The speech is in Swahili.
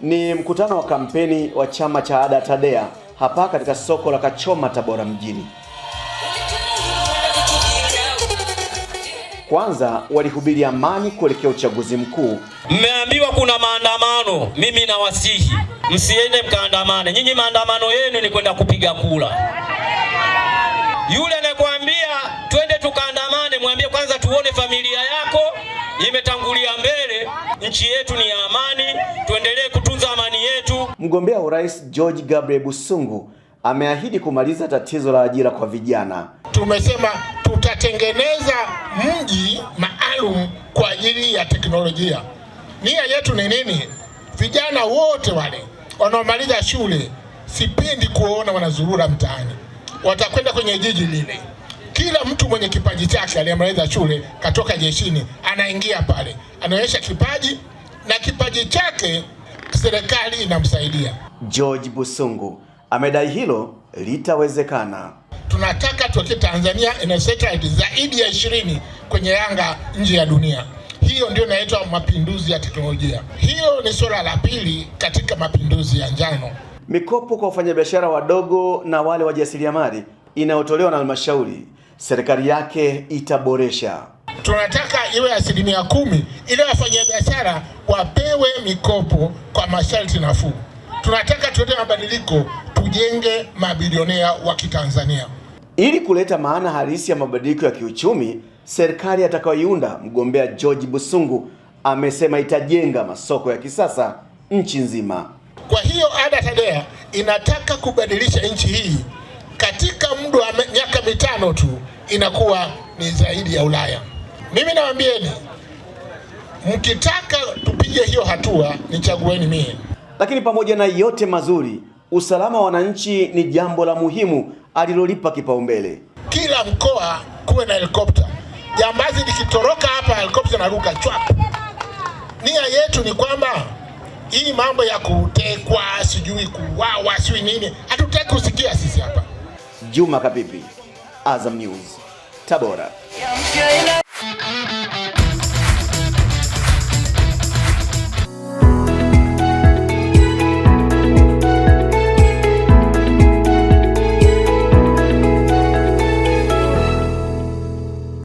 Ni mkutano wa kampeni wa chama cha ADA TADEA hapa katika soko la Kachoma Tabora mjini. Kwanza walihubiri amani kuelekea uchaguzi mkuu. Mmeambiwa kuna maandamano, mimi nawasihi msiende mkaandamane. Nyinyi maandamano yenu ni kwenda kupiga kura. Yule anakuambia twende tukaandamane, mwambie kwanza tuone familia yako imetangulia mbele. Nchi yetu ni ya amani. Mgombea urais George Gabriel Busungu ameahidi kumaliza tatizo la ajira kwa vijana. Tumesema tutatengeneza mji maalum kwa ajili ya teknolojia. Nia yetu ni nini? Vijana wote wale wanaomaliza shule, sipendi kuwaona wanazurura mtaani, watakwenda kwenye jiji lile. Kila mtu mwenye kipaji chake aliyemaliza shule, katoka jeshini, anaingia pale, anaonyesha kipaji na kipaji chake serikali inamsaidia. George Busungu amedai hilo litawezekana. Tunataka tuweke Tanzania ina satellite zaidi ya ishirini kwenye anga nje ya dunia. Hiyo ndio inaitwa mapinduzi ya teknolojia. Hiyo ni suala la pili katika mapinduzi ya njano. Mikopo kwa wafanyabiashara wadogo na wale wajasiriamali inayotolewa na halmashauri serikali yake itaboresha tunataka iwe asilimia kumi ili wafanyabiashara wapewe mikopo kwa masharti nafuu. Tunataka tuete mabadiliko, tujenge mabilionea wa Kitanzania. Ili kuleta maana halisi ya mabadiliko ya kiuchumi, serikali atakayoiunda mgombea George Busungu amesema itajenga masoko ya kisasa nchi nzima. Kwa hiyo ada TADEA inataka kubadilisha nchi hii katika muda wa miaka mitano tu inakuwa ni zaidi ya Ulaya. Mimi nawaambieni, mkitaka tupige hiyo hatua, nichagueni mimi. Lakini pamoja na yote mazuri, usalama wa wananchi ni jambo la muhimu alilolipa kipaumbele. Kila mkoa kuwe na helikopta. Jambazi likitoroka hapa, helikopta naruka chwap. Nia yetu ni kwamba hii mambo ya kutekwa, sijui kuwawa, sijui nini, hatutaki kusikia sisi hapa. Juma Kapipi, Azam News, Tabora.